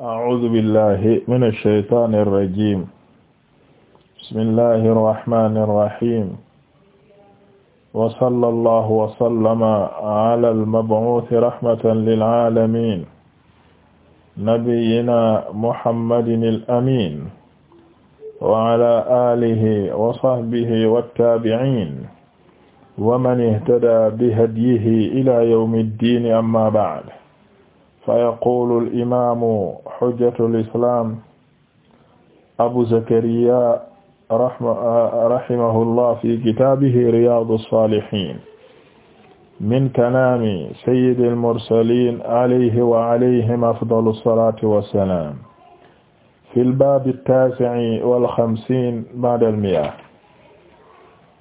أعوذ بالله من الشيطان الرجيم بسم الله الرحمن الرحيم وصلى الله وسلم على المبعوث رحمة للعالمين نبينا محمد الأمين وعلى آله وصحبه والتابعين ومن اهتدى بهديه إلى يوم الدين أما بعد fa yaqulu alimamu hujjatu lislam abu zakariya rahimahullah fi kitabihi riyadu salihin min kalami sayyidi almursalin alayhi wa alayhim afdalu alsalati wassalam fi lbabi altaasi'i walxamsin ba'da almi'a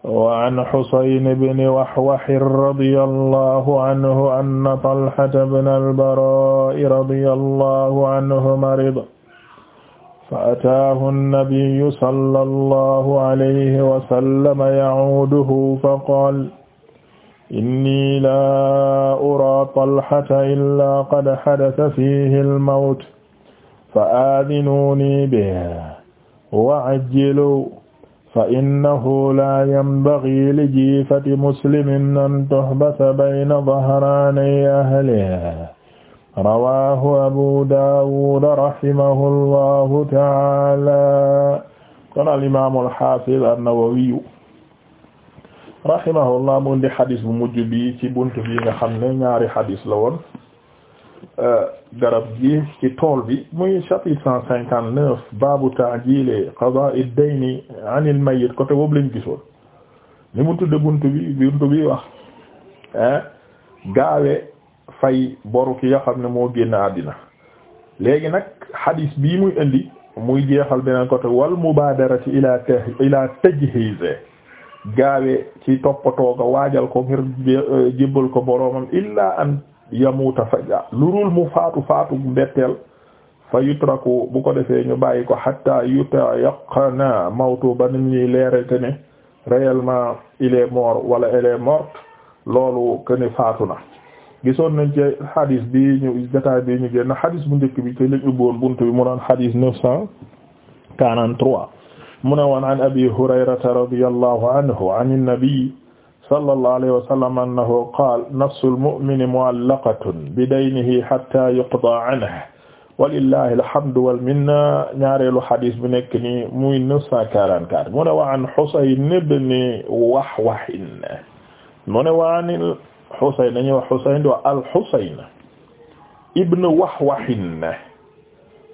wa an Husayn ibn Wahwah radiyallahu anhu anna Talhata ibn al-Baraa radiyallahu anhu marida fa ataahu an-nabiyyu sallallahu alayhi wa sallam ya'uuduhu faqaala inni laa uraa Talhata illaa qad hadatha fiihi al-mawt fa aadhinuunii bihi wa ajjiluu fa innahu laa yanbaghi li jiifati muslimin an tuhbasa bayna dhahraanay ahlihaa rawaahu abu daawud rahimahu allahu taala kon al imaamu al haafiz an-nawawiyu rahimahullah mu indi xadis bu mujj bi ci buntu bi nga xam ne ñaari xadis la woon Euh, garab gi ci tool bi muy chapitre cent cinquante neuf baabu ta'jil qada'i dayni 'an al-mayyit côté boobu lañ gisoon ni mu tudde bunt bi buntu bi wax gaawe fay boru ki nga xam ne moo génn àddina léegi nag hadis bi muy indi muy jeexal beneen côté wal mubaadarati ila ila tajhiz gaawe ci toppatoo ga waajal ko ngir euh, jébbal ko boroomam illa an yamuuta faja lurul mu faatu faatu mbetteel fa yutraku bu ko defee ñu bàyyi ko hatta yutayaqana mawtu ba nim ñuy leerate ne réellement il est mort wala elle est morte loolu que ne faatu na gisoon nañ ci hadis bi ñu jotaay bi ñu génn hadis bu njëkk bi te lañ ubboon buntu bi mu doon hadis neuf cent quarante-trois mu ne woon an abi hurayrata radiyallahu anhu an an-nabi sallallahu alayhi wa sallam annahu qaala nafsul mu'mini mu'allaqatun bi daynihi hatta yuqdaa anhu walillahi alhamdu wal minna ñaareelu xadis bi nekk nii muy 944 mu ne wa an Husayn ibn Wahwah mu ne wa an Husayn dañuy wax Husayn di wax al-Husayn ibn Wahwah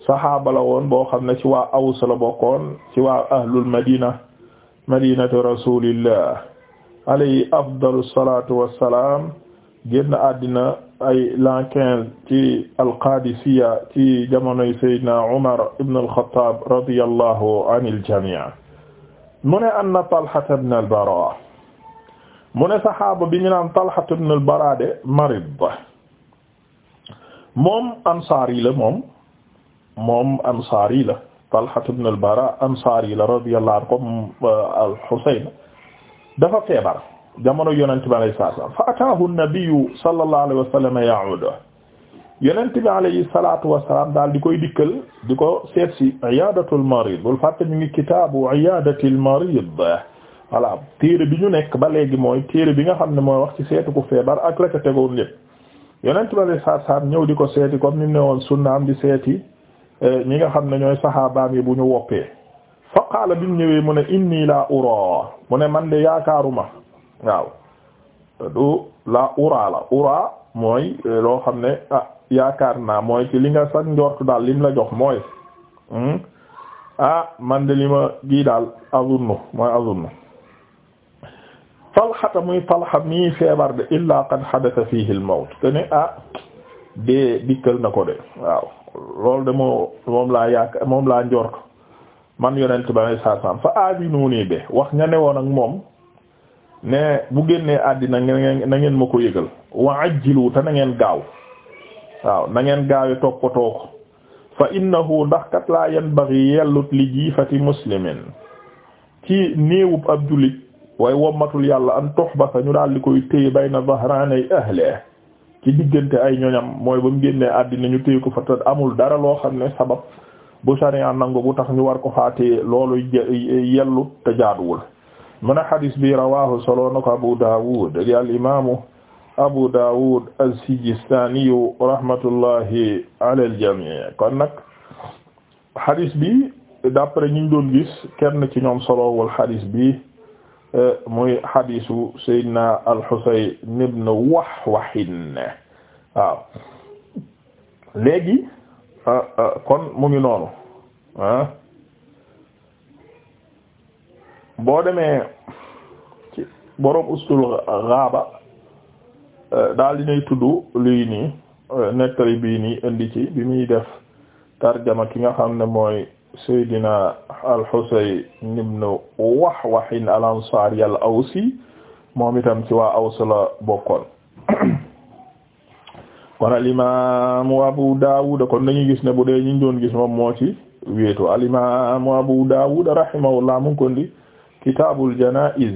saxaaba la woon boo xam ne ci waa Aws la bokkoon ci waa ahlul madina madinatu rasulillah alayhi afdalu salatu wassalam génn àddina ay l'an quinze ci al-Qadisiyya ci jamonoy Seydina Umar ibn al-Khattab radiyallahu anil jami' mu ne anna Talha ibn al-Bara mu ne saxaaba bi ñu naan Talha al-Bara de marid moom ansaari la moom moom ansaari la al-Bara ansaari la radiyallahu anhu comme euh, al-Husayn dafa feebar jamono yonent bi alayhi salaatu wa salaam fa ataahu nabiyyu sallallahu alayhi wa sallam ya'udu yonent bi alayhi salaatu wa daal di koy dikkal di ko seet si iyaadatul marid bul fàtte ñu ngi kitaabu iyaadatil marid voilà téere bi ñu nekk ba léegi mooy téere bi nga xam ne mooy wax ci seetu ku feebar ak la ca tegoon lépp yonent bi alayhi salaatu wa salaam ñëw di ko seeti comme ni mu ne woon sunnaam di seeti eh, ñi nga xam ne ñooy saxaabaam yi bu ñu woppee fa qaala bi ñëwee mu ne inni laa uraa mu ne man de yaakaaruma waaw du laa uraa la uraa mooy loo xam ne ah yaakaar naa mooy ci li nga sax njort daal lim la jox mooy hmm? ah man de li ma gii daal azunnu mooy azunnu talxata muy talxa mii feebar de illaa qad xadata fiihi al mawt te ne ah dee dikkal na ko de waaw loolu de moo moom laa yaakaar moom laa njort man yonent ba nay saasam fa aadinu nii be wax ña newoon ak moom ne bu génnee àddina na ngeen ma ko yëgal wa ajjilu te na ngeen gaaw waaw nangeen ngeen gaawe toppatoo ko fa innahu ndax kat laa yanbaghi yellut li jiifati muslimin ci néewub ab jullit way wommatul yàlla am tuhbasa ñu daal di koy téye bayna dhahranay ahlihi ci diggante ay ñoñam mooy ba mu génnee àddina ñu téye ko fa te amul dara loo xam ne sabab bu sharia nangu bu tax ñu war ko faatee loolu yellu te jaaduwul mun a xadis bi rawahu solo na ko Abu Dawud di al imaamu Abu Dawud as-Sijistaniyu rahmatullahi ala al-jamii kon nag xadis bi d'après ñu doon gis kenn ci ñoom solowul xadis bi e, muy xadisu Seydina al-Husayn ibn Wahwahin waaw léegi Ah, ah, kon mu ngi noonu ah. boo demee ci borom ustul gaaba eh, daal di nay tudd lii nii eh, nettali bii nii indi ci bi muy def tarjama ki nga xam ne mooy Seydina al-Husayn ibn Wahwah al-Ansari al-Awsi moom itam ci waa Aws la bokkoon kon al imaamu Abu Daawud kon dañuy gis ne bu dee ñu doon gis moom moo ci wéetu al imaamu Abu Daawud rahimahullah mu ngi ko indi kitaabul janaa'iz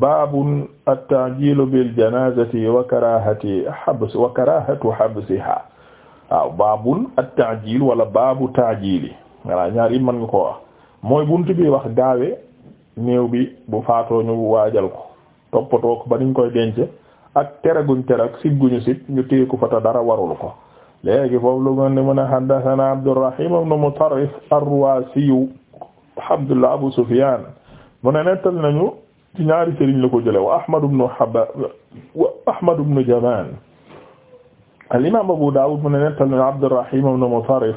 baabun at bil janaazati wa karaahati habs wa karaahatu habsihaa waaw baabun wala baabu ta'jiili voilà ñaar yi mën ko wax mooy buntu bi wax gaawe néew bi bu faatoo ñu waajal ko toppatoo ko ba niñ koy denc. ak tere guñ tere ak sib guñu sib ñu téeku fa te dara warul ko léegi foofu lu mel ni mu ne haddathana Abdurrahim ibn Mutarrif ar-Ruwasiyu Abdullah Abu Sufyan mu ne nettal nañu ci ñaari sëriñ la ko jële wa Ahmad ibn Habba wa Ahmad ibn Jaman al-imam Abu Dawud mu ne nettal nañu Abdurrahim ibn Mutarrif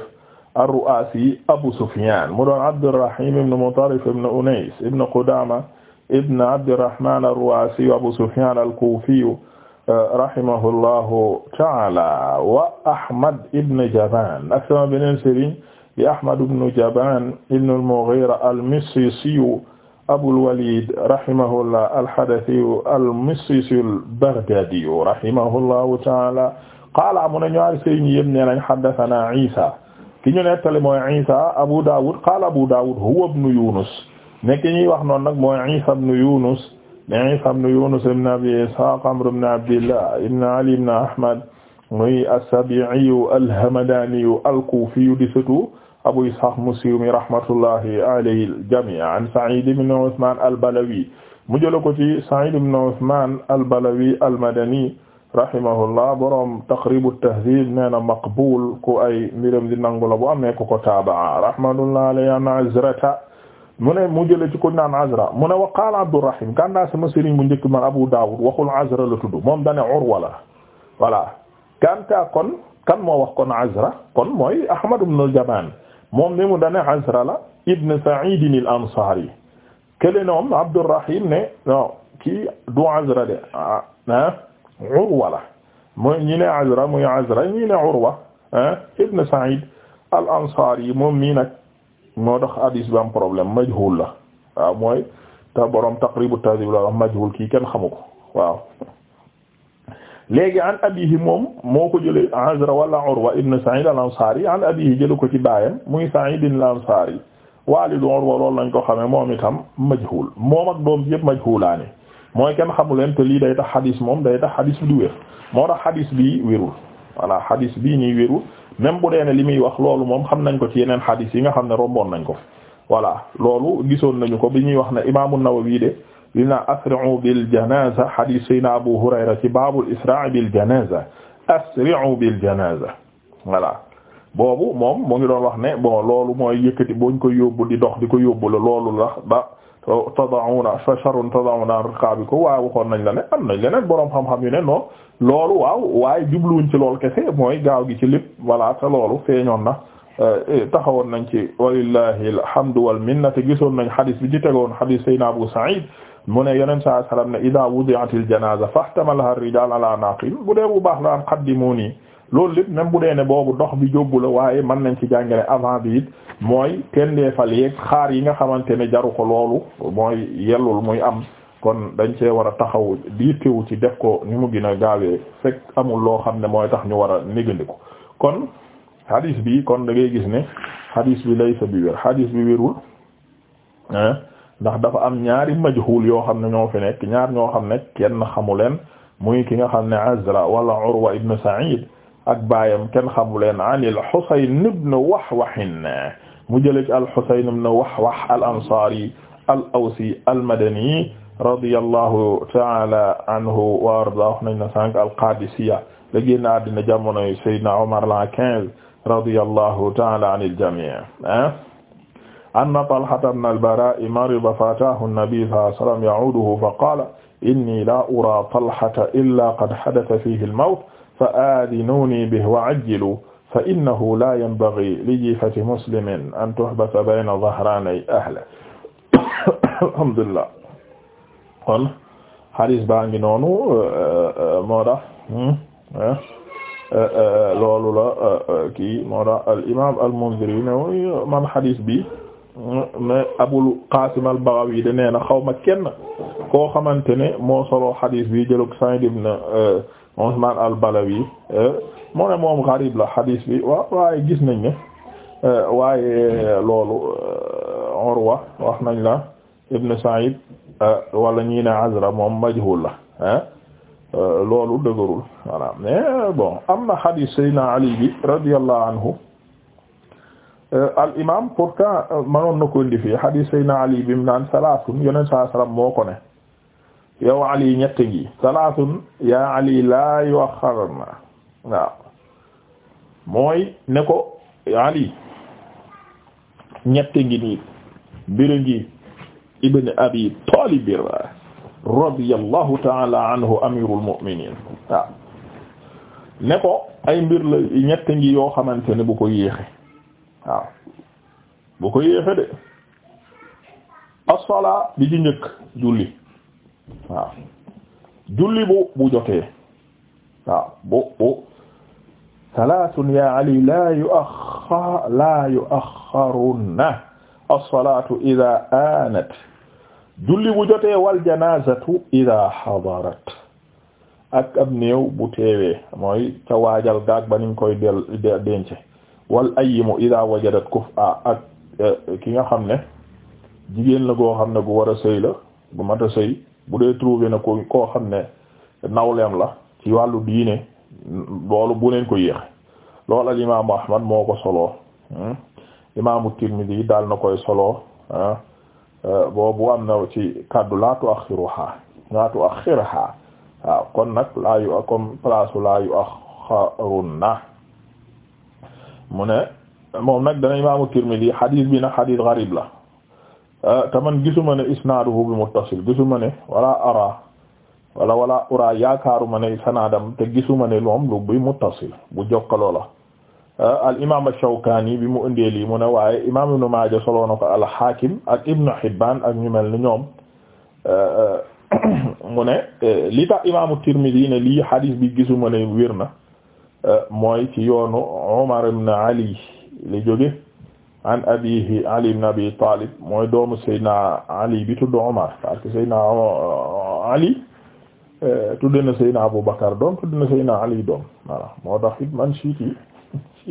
ar-Ruwasi Abu Sufyan mu doon Abdurrahim ibn Mutarrif ibn Unays ibn Qudama ibn Abdurrahman ar-Ruwasi Abu Sufyan al-Kufi rahimahullahu ta'ala wa Ahmad ibn Jaban ak sama beneen sëriñ di Ahmad ibn Jaban ibn al-Mughira al-Missisiyu Abul Walid rahimahullah al-Hadathi al-Missisi al-Baghdadi rahimahullahu ta'ala qaala mu ne ñaari sëriñ yëpp nee nañ haddathana Isa ki ñu nettali mooy Isa Abu Dawud qaala Abu Dawud huwa ibn Yunus nekk ñuy wax noonu nag mooy Isa ibn Yunus mais Isa ibn Yunus ibn Abi Ishaq Amr ibn Abdillah ibn Ali ibn Ahmad muy as-Sabi'i al-Hamadani al-Kufi di sëtu Abu Ishaq Muslim rahmatullahi alayhi al-jami' an Sa'id ibn Uthman al-Balawi mu jël ko ci Sa'id ibn Uthman al-Balawi al-Madani rahimahullah borom Taqrib at-Tahdhib nee na maqbul ku ay mbiram di nangu la bu amee ku ko taabaa rahmatullahi alayhi an Azrata mu ne mu jëlee ci ko naan Azra mu ne wa qaala Abdurrahim kandaa sama sëriñ bu njëkk man Abu Dawud waxul Azra la tudd moom dane Urwa la voilà kantaa kon kan moo wax kon Azra kon mooy Ahmad ibn al-Jamaan moom ni mu dane Azra la ibn Sa'id al-Ansari kele noom Abdurrahim ne ki kii du Azra de ah, ah Urwa la mooy ñi ah, ansari moom mii nag moo tax hadis bi am problème la waaw mooy te borom taqribu tahdhib la wax majhul kii kenn xamu ko waaw léegi an abihi moom moo ko jëlee Azra wala Urwa ibn Sa'id al-Ansari an abihi jëlu ko ci baayam muy Sa'id al-Ansari waalidu Urwa loolu lañ ko xamee moom itam majhul moom ak doom yëpp majhulaani mooy kenn xamu leen te lii day tax hadis moom day tax hadis bi du wér moo tax hadis bi wérul voilà hadis bii nii wérul même bu dee ne li muy wax loolu moom xam nañ ko ci yeneen xadiis yi nga xam ne romboon nañ ko voilà loolu gisoon nañu ko bi ñuy wax ne imaamu Nawawi de li naa asri'u bil janaza xadiis sayna Abu Hurayra ci baabul israa' bil janaza asri'u bil janaza voilà boobu moom mu ngi doon wax ne bon loolu mooy yëkkati buñ ko yóbbu di dox di ko yóbbu la loolu la ba tada'una fa sharun tada'una arqaabikum waaye waxoon nañ la ne am nañ leneen boroom xam-xam yu ne non loolu waaw waaye jubluwuñ ci loolu kese mooy gaaw gi ci lépp voilà te loolu feeñoon na euh, taxawoon nañ ci walillahi alhamdu wal minna te gisoon nañ xadis bi ci tegoon xadis sayna Abu Sa'id mu ne yonent saa sallam ne ida wudi'atil janaza fahtamalaha rijal ala naqil bu dee bu baax la an qaddimuni loolu lépp même bu dee ne boobu dox bi jóbbu waaye man nañ ci jàngale avant bi it mooy kenn dee fa yeeg xaar yi nga xamante ne jaru ko loolu mooy yellul muy am kon dañ cee war a taxaw di teewu ci def ko ñu mu gën a gaawee fekk amul loo xam ne mooy tax ñu war a négandiku kon hadis bi kon da gis ne hadis bi lay sa bi wér hadis bi wérul ndax dafa am ñaari majhul yoo xam ne ñoo fi nekk ñaar ñoo xam ne kenn xamu leen muy ki nga xam ne Azra wala Urwa ibn Sa'id ak baayam kenn xamu leen an al-Husayn ibn Wahwah mu jëlee ci al-Husayn ibn Wahwah al al-Awsi al-Madani radiyallahu ta'ala anhu wa arda wax nañ na sànq al-Qadisiyya la génn àddina jamonoy Seydina Omar la 15 radiyallahu ta'ala anil jami' anna Talhata ibn al-Bara'i marida fatahu an-nabi sallallahu alayhi wa sallam ya'uduhu fa qala inni la ura Talhata illa qad hadatha fihi al-mawt fa adinuni bihi wa ajjilu fa innahu la yanbaghi li jiifati muslimin an tuhbata bayna dhahranay ahlihi alhamdulillah kon baa ngi noonu euh, euh, moo hmm, euh, loolu la kii moo tax al imaam al Munziri ne man hadis bi mais hmm, Abul Qasim al Baghawi de nee na xaw ma kenn koo xamante ne moo solo hadis bi jëlug Sa'id ibn al Balawi moo ne moom gharib la hadis bi waaw waaye gis nañ ne waaye loolu Urwa wax nañ la Ibn Sa'id Eh, wala ñii ne azra moom majhul eh? Eh, loolu dëgërul bon am na hadith Seydina Ali bi radiyallahu anhu al imam pourtant manoon na ko indi fii hadith Seydina Ali bi mu naan salaatun yoneen saa salaam moo ko ne yow Ali ñett ngi salaatun yaa Ali laa yuaxxarna waaw mooy ne ko Ali ñett ngi nii mbir ngi ibn abi talib radiyallahu taala anhu amirul ne ko ay mbir la ñett ngi yoo xamante ne bu ko yéexe waaw bu ko yéexe de as bi ci njëkk julli julli bu bu jotee ya ali la yuaxxar as-salaatu idaa aanat julli bu jotee wal janaazatu idaa hadarat ak ab néew bu teewee mooy ca waajal gaag ba niñ koy del dence wal ayyimu idaa wajadat kuf'a ak eh, ki nga xam ne jigéen la goo xam ne gu war a sëy la gu mat a sëy bu dee trouvé na ko koo xam ne nawleem la ci wàllu diine loolu bu neen ko yéex loolu al imaamu Ahmad moo ko soloo hmm? imaamu Tirmidi daal na koy solo ah, eh, boobu am na ci kaddu laa tuaxiruha laa tuaxirha waaw kon nag laa yu comme place laa yu axarunna mu ne moom nag dana imaamu Tirmidi xadiis bi nag xadiis garib la eh, te man gisuma ne isnaaduhu bi muttasil gisuma ne wala ara wala wala ura yaakaaruma ne sanaadam te gisuma ne moom lu bi muttasil bu jokkaloo la Euh, al imaam bi mu indee lii mu ne waaye imaam Ibn Maaja solo na ko al Haakim ak Ibn Hibbaan ak ñu mel ni ñoom euh, mu ne euh, li tax imaamu Tirmidi ne lii hadis bi gisuma ne wér na mooy ci yoonu Umar ibn Ali li jóge an abihi Ali ibn Abi Ali bi tudd Umar na Seydina Abu Bakar doom tudd na Seydina Ali doom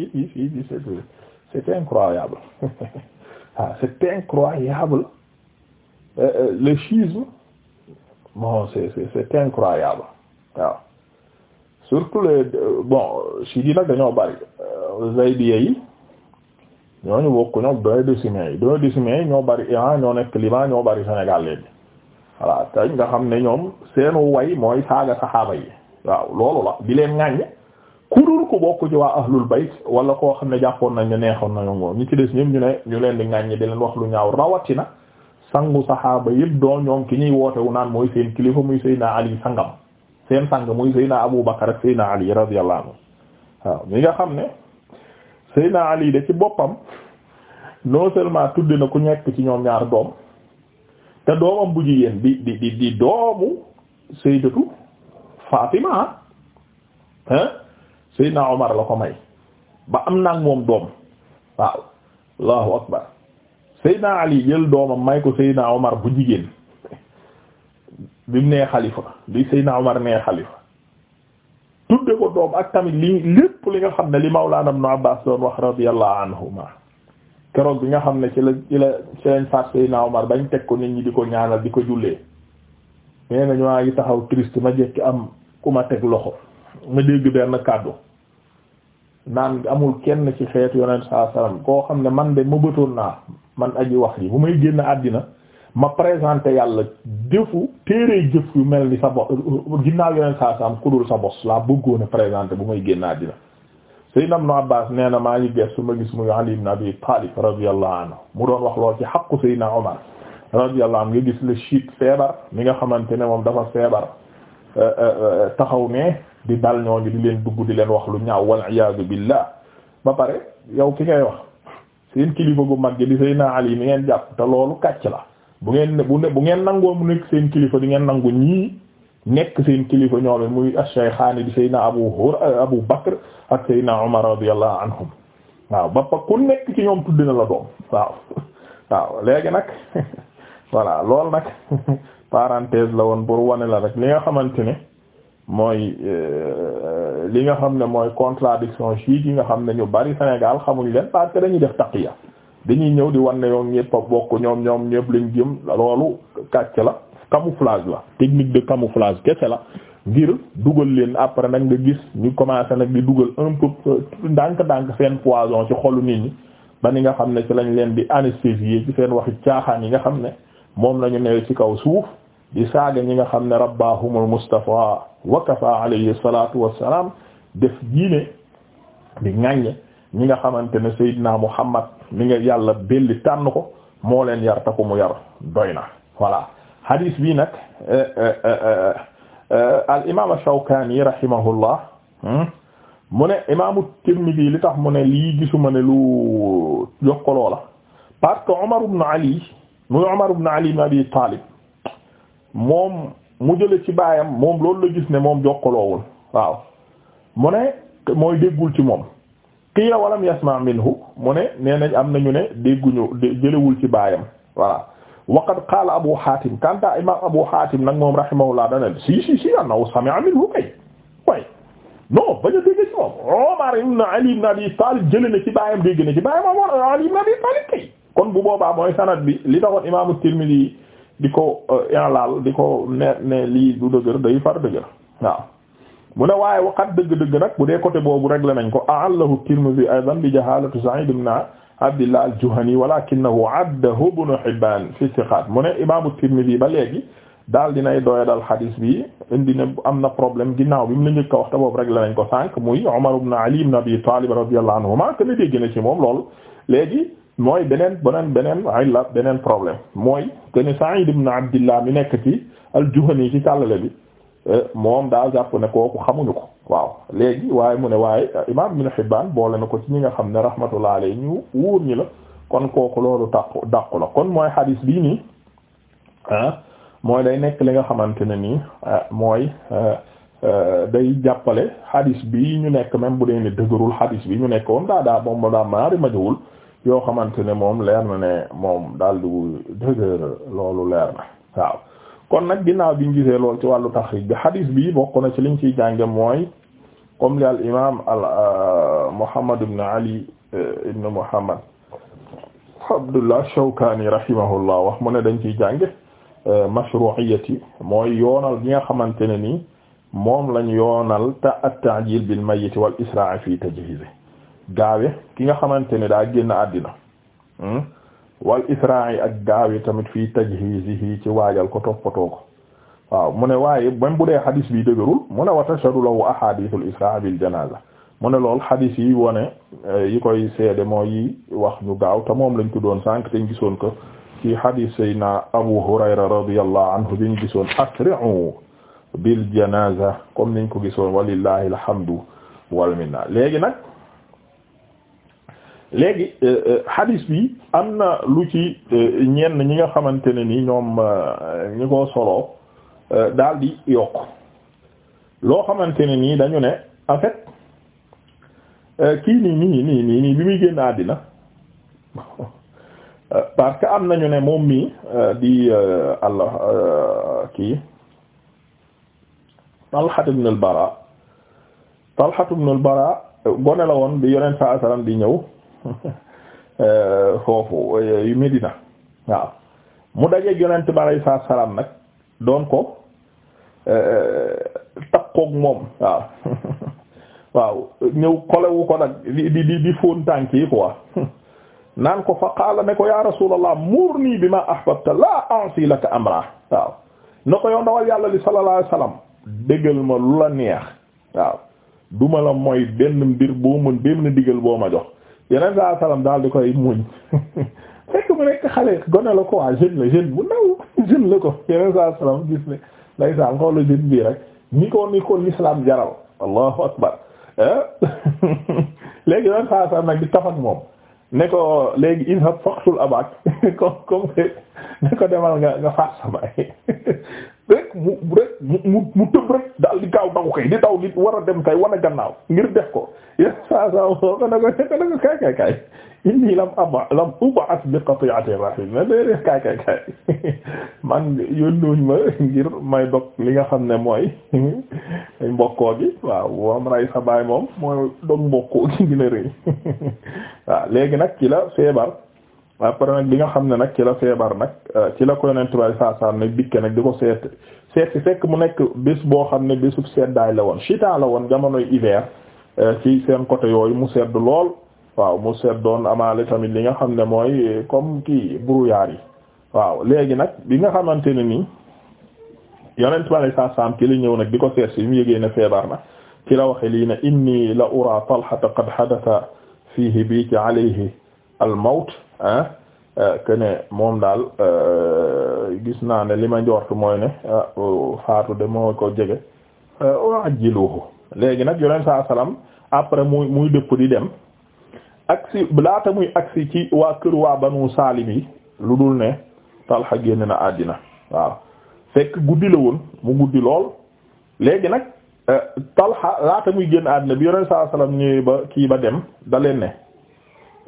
ici ici c'était c'était incroyable ah c'était incroyable euh, euh, le schisme bon c'est c'est c'est incroyable waaw surtout les euh, bon si di nag dañoo bari euh, zaydiya yi ñooñu bokku ñoom doy décimé yi doy décimé yi ñoo bari Iran ñoo nekk Liban ñoo bari Sénégal léegi voilà te nga xam ne ñoom seenu way mooy saaga saxaaba yi waaw loolu la di leen ŋàññ bokk ci waa ahlul bayt wala koo xam ne jàppoon nañ ne neexoon nañu ngoo ñi ci des ñëpp ñu ne ñu leen di ŋàññi di leen wax lu ñaaw rawatina sangu saxaaba yëpp doo ñoom ki ñuy woote wu naan mooy seen kilifa muy Seydina Ali sangam seen sang muy Seydina Abu Bakar ak Seydina Ali radiyallahu waaw mi nga xam ne Seydina Ali de ci boppam non seulement tudd na ku nekk ci ñoom ñaar doom te doomam bu jigéen di di di di doomu Sayyidatu Fatima ah. Seydina Omar la ko may ba am na moom doom waaw allahu akbar Seydina Ali jël doomam may ko Seydina Omar bu jigéen bi mu nee xalifa bi Seydina Omar nee xalifa tudde ko doom ak tamit li lépp li nga xam ne li Mawlana Ibn Abbas doon wax radiyallahu anhuma keroog bi nga xam ne ci la ci la ci lañ faat Seydina Omar bañ teg ko nit ñi di ko ñaanal di ko jullee nee na ñu ngi taxaw triste ma jekki am ku ma teg loxo ma dégg benn kàddu naan amul kenn ci xeetu yonent saa salaam koo xam ne man de mëbatoon naa man aji wax yi bu may génn àddina ma présenté yàlla jëfu téere jëf yu mel ni sa bos ginnaaw yonent saa salaam ku dul sa bos laa bëggoon a présenté bu may génn àddina Seydina Ibn Abbaas nee na maa ngi gëstu ma gis muy Ali ibn Abi Talib radiyallahu anhu mu doon wax lool ci xaqu Seydina Omar radiyallahu anhu nga gis le chiite feebar mi nga xamante ne moom dafa feebar euh, euh, euh, taxaw ne di dal ñooñu di leen dugg di leen wax lu ñaaw wal iyaazu billah ba pare yow ki ngay wax seen kilifa gu mag gi di Seydina Ali mi ngeen jàpp te loolu kàcc la bu ngeen bu bu ngeen nangoo mu nekk seen kilifa di ngeen nangu ñii nekk seen kilifa ñoom muy ash-shaykhaani di Seydina Abu Hurayra Abu Bakr ak Seydina Umar radiyallahu anhum waaw ba pa ku nekk ci ñoom tudd na la doom waaw waaw léegi nag voilà loolu nag parenthèse la woon pour wane la rek li nga xamante ne mooy euh, euh, li nga xam ne mooy contradiction chiite yi nga xam ne ñu bari Sénégal xamuñu leen parce que dañuy def taqiya dañuy ñëw di wan ne ñoom ñëpp a bokk ñoom ñoom ñëpp lañ jëm loolu kàcc la camouflage la technique de camouflage kese la ngir dugal leen après nag nga gis ñu commencé nag di dugal un peu euh, ndànk-ndànk seen poison ci xolu nit ñi ba ni nga xam ne ci lañ leen di anesthésier ci seen waxi caaxaan yi nga xam ne moom lañu newe ci kaw suuf di saaga ñi nga xam ne rabbahumul mustafa wa kafa alayhi salatu wassalam def diine di ŋàññe ñi nga xamante ne sayyidina muhammad mi nga yàlla belli tànn ko mooleen leen yar taku mu yar doy na voilà hadith bi nag eh, eh, eh, al imam ash-Shawkani rahimahullah hmm? mu ne imaamu Tirmidhi li tax mu ne lii gisuma ne lu jokkaloo la parce Umar ibn Ali muy Umar ibn Ali ibn Abi Talib moom mu jële ci baayam moom loolu la gis ne moom jokkaloowul waaw mu ne mooy déggul ci moom qiila walam yasma minhu mu ne nee nañ am nañu ne dégguñu jëlewul ci baayam voilà waqad qaala abu hatim kanta imam abu hatim nag moom rahimahullah dana si si si annahu sami'a minhu kay way non bañ a dégg ci moom Omar ibn Ali ibn Abi Talib jële na ci baayam dégg na ci baayam Omar Ali ibn Abi Talib kay kon bu boobaa mooy sanad bi li taxoon imam di ko euh, inlaal di ko ne ne lii du dëgër day far dëgër waaw mu ne waaye waqat dëgg-dëgg nag bu dee côté boobu réglé nañ ko a'allahu Tirmidhi aidan bi jahalatu Sa'id ibn Abdillah al-Juhani walakinahu addahu Ibn Hibban fi thiqat mu ne imaamu Tirmidhi ba léegi daal dinay doya dal xadis bi indi ne am na problème ginnaaw bi mu la njëkk a wax te boobu réglé nañ ko sànq muy Umar ibn Ali ibn Abi Talib radiyallahu anhuma que ne dégg na ci moom lool léegi mooy beneen beneen beneen illa beneen problème mooy te ne Sa'id ibn Abdillah mi nekk ci al-Juhani ci tàllale bi eh, moom daa jàpp ne kooku xamuñu ko waaw léegi waaye mu ne waaye eh, imam Ibn Hibban boole na ko ci ñi nga xam ne rahmatullah alayhi ñu wóor ñi la kon kooku loolu dàqu dàqu la kon mooy hadis bii nii ah mooy day nekk li nga xamante ne nii eh, mooy day jàppale hadis bii ñu nekk même bu dee ne dëgërul hadis bi ñu nekk woon daa daa moom daa maari majowul yoo xamante ne moom leer na ne moom daal du loolu leer na waaw kon nag ginnaaw biñ gisee lool ci wàllu taxriij bi hadith bi bokk na ci liñ ciy jànge mooy comme li al imaam al euh, Muhammad ibn Ali euh, ibn Muhammad Abdullah Shawkani rahimahullah wax mu ne dañ ciy jànge euh, mashru'iyyati mooy yoonal nga xamante ne ni moom lañ yoonal ta at ta'jil bil mayyit wal isra' fi tajhiizihi gaawe ki nga xamante ne daa génn àddina hmm? wal isra'i ak gaawe tamit fii tajhizihi ci waajal ko toppatoo ko waaw mu ne waaye même bu dee hadis bi dëgërul mu ne wa tashhadu lahu ahadithul isra' bil janaza mu ne lool hadis yi wone eh, yi koy seede mooy yi wax ñu gaaw te moom lañ ko doon sànq te gisoon ko ci hadis sayna Abu Hurayra radiyallahu anhu biñ gisoon asri'u bil janaza comme niñ ko gisoon walillahi alhamdu wal minna léegi nag léegi euh, euh, hadis bi am na lu ci euh, ñenn ñi nga xamante ne ni ñoom ñi ko solo daal di yokk loo xamante ne nii dañu ne en fait kii nii nii nii nii bi muy génn àddina parce que am nañu ne moom mii di allah kii Talha ibn al-Bara Talha gone la woon bi yonent saa salaam di ñëw Euh, foofu euh, yu Medina waaw mu dajeeg yonent bi salaam nag doon ko euh, takkoog moom waaw waaw ñëw kolewu ko nag di di di fóon tànk yi quoi naan ko fa qaala ne ko yaa rasuulallah murni bima ahbabta laa a'si laka amra waaw ne ko yow yàlla li sallallahu alayhi wasallam ma lu la neex waaw duma la mooy benn mbir boo mën benn digal boo ma jox yeneen saa salaam daal di koy muñ fekk mu nekk xale gone la quoi jeune la jeune bu ndaw jeune la ko yeneen saa salaam gis ne day saa xoolal jeune bii rek ni ko ni ko l'islam jaral allahu akbar eh? léegi yeneen saa salaam nag di taf ak moom ne ko léegi izhab faqtul abak comme comme ne ko demal nga nga faat rek mu rek mu mu tëb rek daal di gaaw daw kay di daw di war a dem kay wan a gannaaw ngir def ko. yéen saa saa woo ko ne ko ne ko kay kay kay inni lam aba lam ub'ath bi qati'ati rahim mais déedéet kay kay kay man yónnuñ ma ngir may dog li nga xam ne mooy mbokkoo gi waaw moom rey sa baay moom mooy dog mbokkoo gi dina rëy waaw léegi nag ci la feebar après nag bi nga xam ne nag ci la feebar nag euh, ci la ko yonent saa saa nag dikke nag di ko seet seet si fekk mu nekk bés boo xam ne bisu seddaay la woon chita la woon jamonoy hiver. Euh, ci seen côté yooyu mu sedd lool waaw mu seddoon amaale tamit li nga xam ne mooy eh, comme kii brouillard yi waaw léegi nag bi nga xamante ne ni yonent bale saa saam ñëw nag di ko seet si bi yëgee ne feebar na ci la waxe lii ne inni la ura talhata qad hadatha fihi bi ci alayhi al mawt ah euh, que moom daal euh, gis naa ne li ma njort mooy ne faatu de moo ko jege wa léegi nag yoneen saa salaam après muy muy dëpp di dem agsi laata muy agsi ci waa kër waa banu saalim yi lu dul ne Talha génn na àddina waaw fekk guddi la woon mu guddi lool léegi nag euh, Talha laata muy génn àddina bi yoneen saa salaam ñëwee ba kii ba dem da ne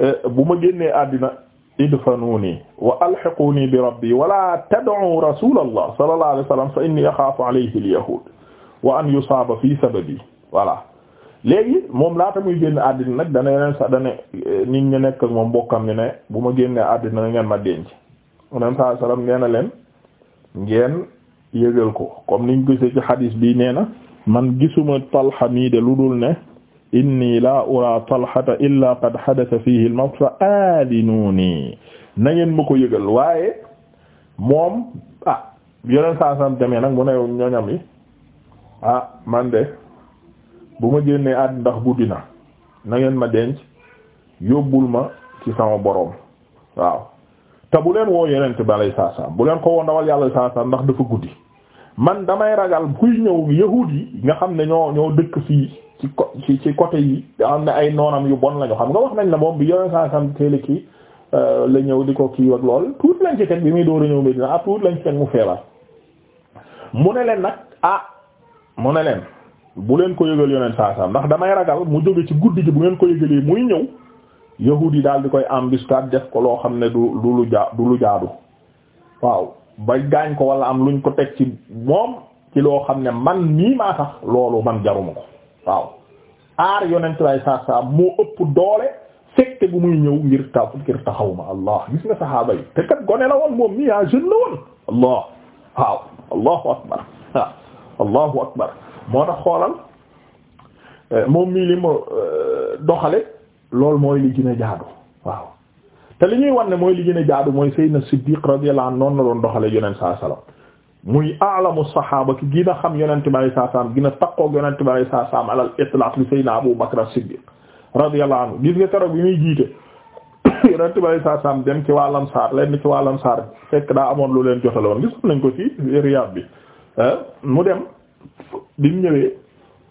euh, bu ma génnee àddina idfanuuni wa alhiquuni bi rabbi wala tad'u rasulallah sallallahu alayhi wa fa inni axaafu alayhi al wa an yusaaba fii sababi voilà léegi moom laata muy génn àddina nag dana yeneen sa dana eh, nit ñu nekk moom mbokkam ni ne bu ma génnee àddina ngeen ma denc yeneen saa salaam nee na leen ngeen yëgal ko comme niñ gisee ci xadiis bi nee na man gisuma Talha mii de lu dul ne inni laa uraa Talhata illaa qad hadatha fiihi al fa aadinuuni na ngeen ma ko yëgal waaye moom ah yeneen saa salaam demee nag mu ne ñoñam yi ah man de bu ma génnee at ndax guddi na na ngeen ma denc yóbbul ma ci sama boroom waaw te bu leen woo yonent bi alayhi salaam bu leen ko woo ndawal yàlla salaam ndax dafa guddi man damay ragal kuy ñëw yahuud yi nga xam ne ñoo ñoo dëkk fii ci co ci ci côté yi am na ay noonam yu bon lañu xam nga wax nañ la moom bi yonent salaam teel kii euh, la ñëw di ko kii ak lool tuuti lañ ci teg bi muy door a ñëw Medina ah tuuti lañ ci teg mu feebar mu ne leen ah, mu ne leen bu leen ko yëgal yoneen saa saa ndax damay ragal mu jóge ci guddi gi bu ngeen ko yëgalee muy ñëw yahud yi daal di koy embuscade def ko loo xam ne du du lu jaa du lu jaadu waaw ba gaañ ko wala am luñ ko teg ci moom ci loo xam ne man nii maa tax loolu man jaruma ko waaw aar yonent lay saa saa moo ëpp doole fekk bu muy ñëw ngir taw ngir taxawuma allah gis nga saxaaba yi te kat gone la woon moom mii ah jeune la woon allah waaw allahu allahu akbar moo tax xoolal eh, moom mii li mu eh, doxale loolu mooy li gën a jaadu waaw te li ñuy wax ne mooy li gën a jaadu mooy Seydina Siddiq radiyallahu anhu noon la doon doxale yonent saa sallam muy alamu saxaaba ki gën a xam yonent bi alayhi salaam gën a takkoog yonent bi alayhi salaam alal itlaq li Seydina Abu Bakr as-Siddiq radiyallahu anhu gis nga keroog bi muy jiite yonent bi alayhi salaam dem ci wàllam saar leen ci wàllam saar fekk daa amoon lu leen jotale woon gis nañ ko ci Riyad bi Euh, mu dem bi mu ñëwee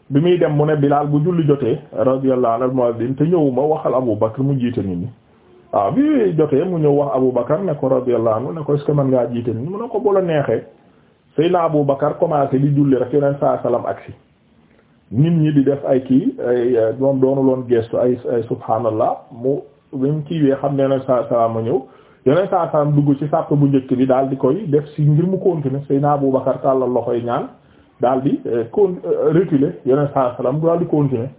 bi muy dem mu ne Bilaal bu julli jotee radiyallahu anhu al-mu'adhdhin te ñëwuma waxal Abu Bakr mu jiite nit ñi waaw ah, bi jotee mu ñëw wax Abu Bakr ne ko radiyallahu anhu ne ko est-ce ngaa jiite nit mu ne ko bu neexee sëy na Abu Bakr commencé di julli rek yeneen saa salaam agsi nit ñi di def ay kii ay moom doonuloon gestu ay ay subhaanallah mu bi mu kiiwee xam ne yeneen saa salaam a ñëw yeneen saa saam dugg ci sàpp bu njëkk bi daal di koy def si ngir mu continuer naa Abu Bakar tàllal loxo yi ñaan daal di eh, con eh, reculer yeneen saa salaam daal di continuer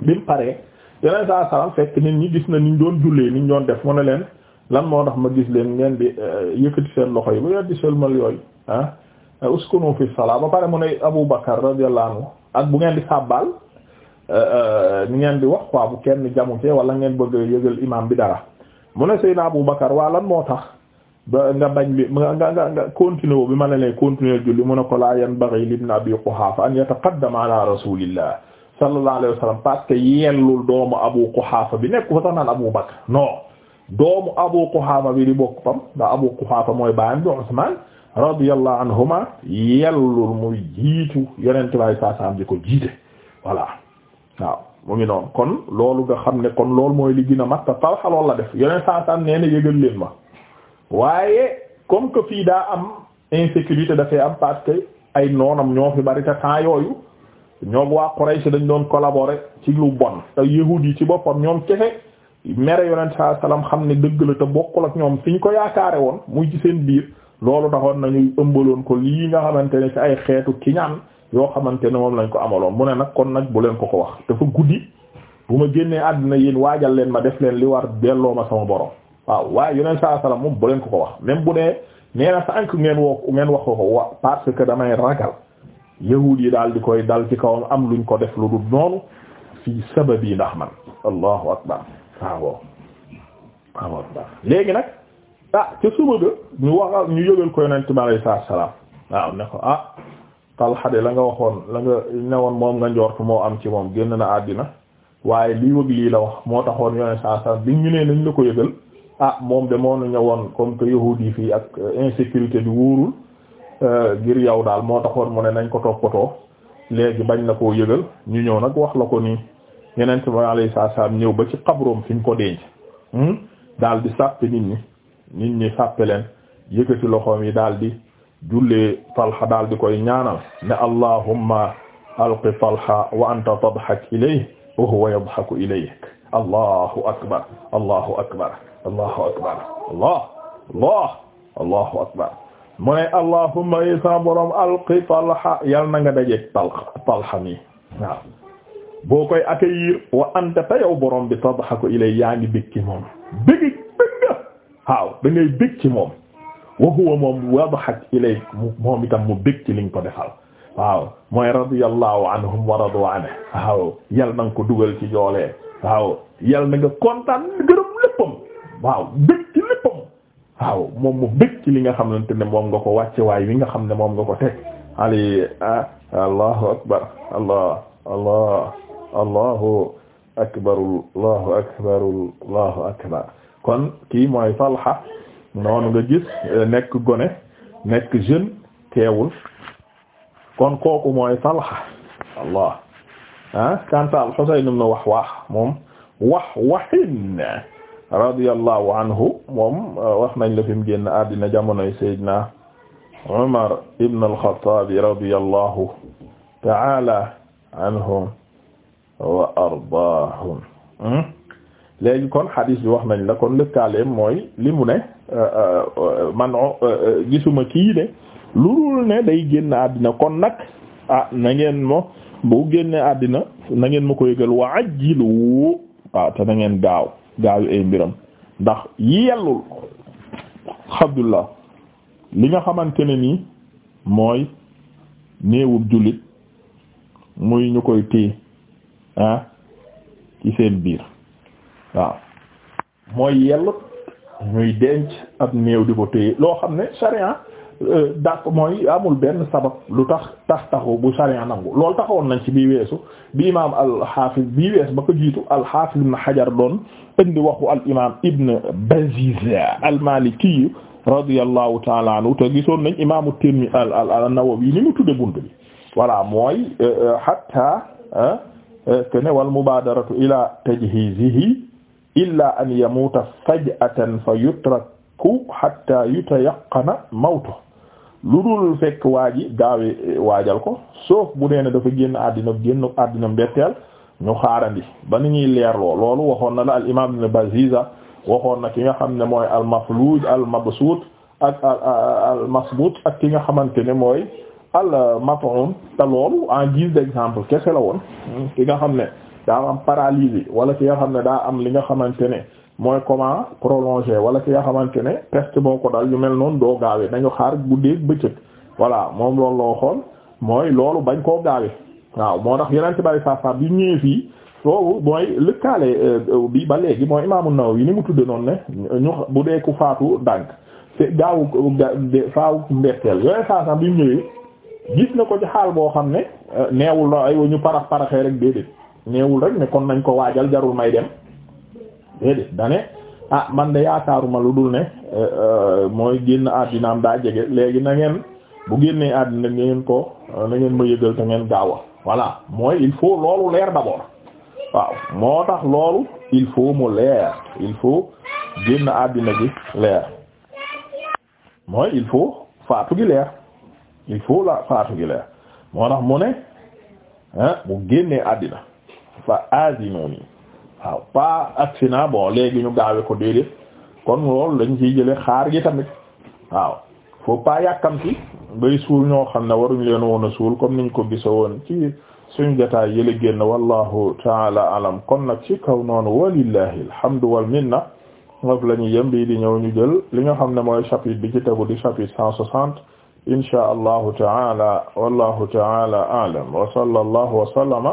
bi mu paree yeneen saa fekk nit ñi gis na ni doon jullee ni ñu doon def mu ne leen lan moo tax ma gis leen ngeen di eh, yëkkati seen loxo yi bu ngeen di sëlmal yooyu ah uskunu fi salaa ba pare mu ne Abu Bakar radiyallahu anhu ak bu ngeen di sàbbaal ni ngeen di wax quoi bu kenn jamu ci ngeen bëgg yëgal imam bi dara. mu ne Seydina Abu Bakar waa lan moo tax ba nga bañ bi nga nga nga bi ma ne lay continuer julli mu ne ko laa yanbaghi li Ibn Abi Quhaafa an yataqaddama ala rasulillah sallallahu alayhi wa sallam parce que yellul doomu Abu Quhaafa bi nekk fa sax naan Abu Bakar non doomu Abu Quhaafa bi di bokk pam ndax Abu Quhaafa mooy baayam bi Usmaan radiyallahu anhuma yellul muy jiitu yeneen tubaab yi saa saa am di ko jiite voilà waaw. mu ngi noonu kon loolu nga xam ne kon loolu mooy li gën a mat talxa loolu la def yeneen saasaan nee na yëgal leen ma waaye comme que fii daa am insécurité dafay am parce que ay noonam ñoo fi bari te temps yooyu ñoog waa Quraysh dañ doon collaborer ci lu bon te yahuud yi ci boppam ñoom kese mere yonent sa salaam xam ne dëgg la te bokkul ak ñoom fi ñu ko yaakaare woon muy ci seen biir loolu taxoon nañu ëmbaloon ko lii nga xamante ne ci ay xeetu kiñaan yoo xamante ne moom lañ ko amaloo mu ne nag kon nag bu leen ko ko wax te dafa guddi bu ma génnee àddina yéen waajal leen ma def leen li war delloo ma sama borom waaw waaye yeneen saa salaam moom bu leen ko ko wax même bu dee nee na ngeen woo ngeen wax ko wa parce que damay ragal yahuud yi daal di koy dal ci kawam am luñ ko def lu dul yi ndax man allahu akbar waaw léegi nag ah ca suba ga ñu waxal ñu yëgal ko yonent bi alayhi salaam waaw ne ko ah. Talha de la nga waxoon la nga newoon moom nga njort moo am ci moom génn na àddina waaye lii wëg lii la wax moo taxoon yoneen saa saa bi ñu nee nañ la ko yëgal ah moom de moo ñu woon comme que yahuudi yi fii ak euh, insécurité bi wóorul euh, ngir yow daal moo taxoon mu ne nañ ko toppatoo léegi bañ la ko yëgal ñu ñëw nag wax la ko nii yeneen sama alayhi salaam ñëw ba ci xabroom fi ñu ko denc hmm? daal di sàppe nit ñi nit ñi sàppe leen yëkkati loxoom yi daal di jullee Talha daal di koy ñaanal ne allahumma alqi Talha wa anta tadhak ilayhi wa huwa yadhaku ilayk allahu akbar akbar allahu akbar allah allah akbar mu ne allahumma yi sa borom yal na nga dajeeg Talha mi waaw boo koy accueillir wa anta ta bi tadhaku ilay yaa ngi bég ci moom bégi bég nga waaw wa huwa moom yadhak ilayk moom itam mu bég ci liñ ko defal waaw mooy radiyallahu anhum wa radu anhu waaw yal na nga ko dugal ci joolee waaw yal na nga kontaan gërëm léppam waaw bég ci léppam waaw moom mu bég ci li nga xamante ne moom nga ko wàcce waay wi nga xam ne moom nga ko teg ali ah allahu akbar allah allah allahu akbar allahu akbar allahu akbar kon kii mooy Talha noonu nga gis euh, nekk gone nekk jeune teewul kon kooku mooy Talha allah ah kanta al Husayn ibn Wahwah moom Wahwahin radiyallahu anhu moom euh, wax nañ la fi mu génn àddina jamonoy Seydina Umar ibn al-Khattab radiyallahu ta'ala anhum wa ardaahum hmm? kon hadis bi wax nañ la kon lëkkaleem mooy li mu ne Euh, euh, euh, man gisuma kii de lu dul ne day génn àddina kon nag ah na ngeen ma bu àddina nangeen ngeen ma ko yëgal wa ajjilu waaw te na ngeen gaaw gaaw ay mbiram ndax yellul Abdullah li nga xamante ne nii mooy néewub jullit muy ñu koy téye ah ci seen biir waaw mooy yellut ñuy denc ab néew di ko téye loo xam ne sharia euh, dàq mooy amul benn sabab lu tax tax taxu bu sharia nangu loolu taxawoon nañ ci bii weesu bi imaam alxaafis bii wees ba ko jiitu alxaafis ibn xajar doon indi waxu al imaam ibn baziz al maliki radiyallahu taala anhu te gisoon nañ imaamu tirmi al nawawi ni mu tudde bunt bi voilà mooy euh, hatta euh, kene wal mubaadaratu ila tajhizihi illaa an yamuuta faj'atan fa yutraku hatta yutayaqqana mawtu lu dul fekk waa ji eh, waajal ko sauf bu nee ne dafa génn àddina génn àddina mbetteel ñu xaarandi ba ni ñuy leerloo loolu waxoon na la al imaam ibn Baziza waxoon na ki nga xam ne mooy al mafluuj al mabsuut ak al al ak ki nga xamante ne mooy al mat'un te loolu en guise d'exemple kese la woon ki nga xam ne. daa am paralysie wala ki nga xam ne daa am li nga xamante ne mooy comment prolongé wala ki nga xamante ne peste moo ko dal yu mel noonu doo gaawee dañu xaar guddeeg bëccëg voilà moom loolu loo xool mooy loolu bañ koo gaawee waaw moo tax yeneen ci bari saasab bi ñëwee fii loolu mooy lëkkaale euh, bi ba léegi mooy imaamu Nawawi ni mu tudde noonu ne ñu bu dee ku faatu dànk gaawu faawu mbetteel yooyu saasab bi ñëwee gis na ko ci xaal boo xam ne euh, neewul na ñu parax paraxee neewul rek ne kon nañ ko waajal jarul may dem dane ah man de yaakaaruma lu dul ne eh, eh, mooy génn àddinaam daa jege léegi na ngeen bu génnee àddina ngeen ko eh, na ngeen ma yëgal te ngeen gaaw a voilà mooy il faut loolu leer d'abord waaw moo tax loolu il faut mu leer il faut génn àddina gi leer mooy il faut faatu gi leer il faut la faatu gi leer moo tax mu ne mu génnee àddina fa azimuni waaw pas accident bon léegi ñu gaawe ko déedéet kon loolu lañ ciy jële xaar gi tamit waaw faut pas yàkkamti bay suul ñoo xam ne waruñ leen woon a suul kom niñ ko gisa woon ci suñu jotaay yële génn wallahu taala alam kon nag ci kaw noonu walillahi alhamdu wal minna moom la ñu yem bii di ñëw ñu jël li nga xam ne mooy chapitre bi ci tegu di chapitre cent soixante insha allahu taala wallahu taala alam wa sallallahu wa sallama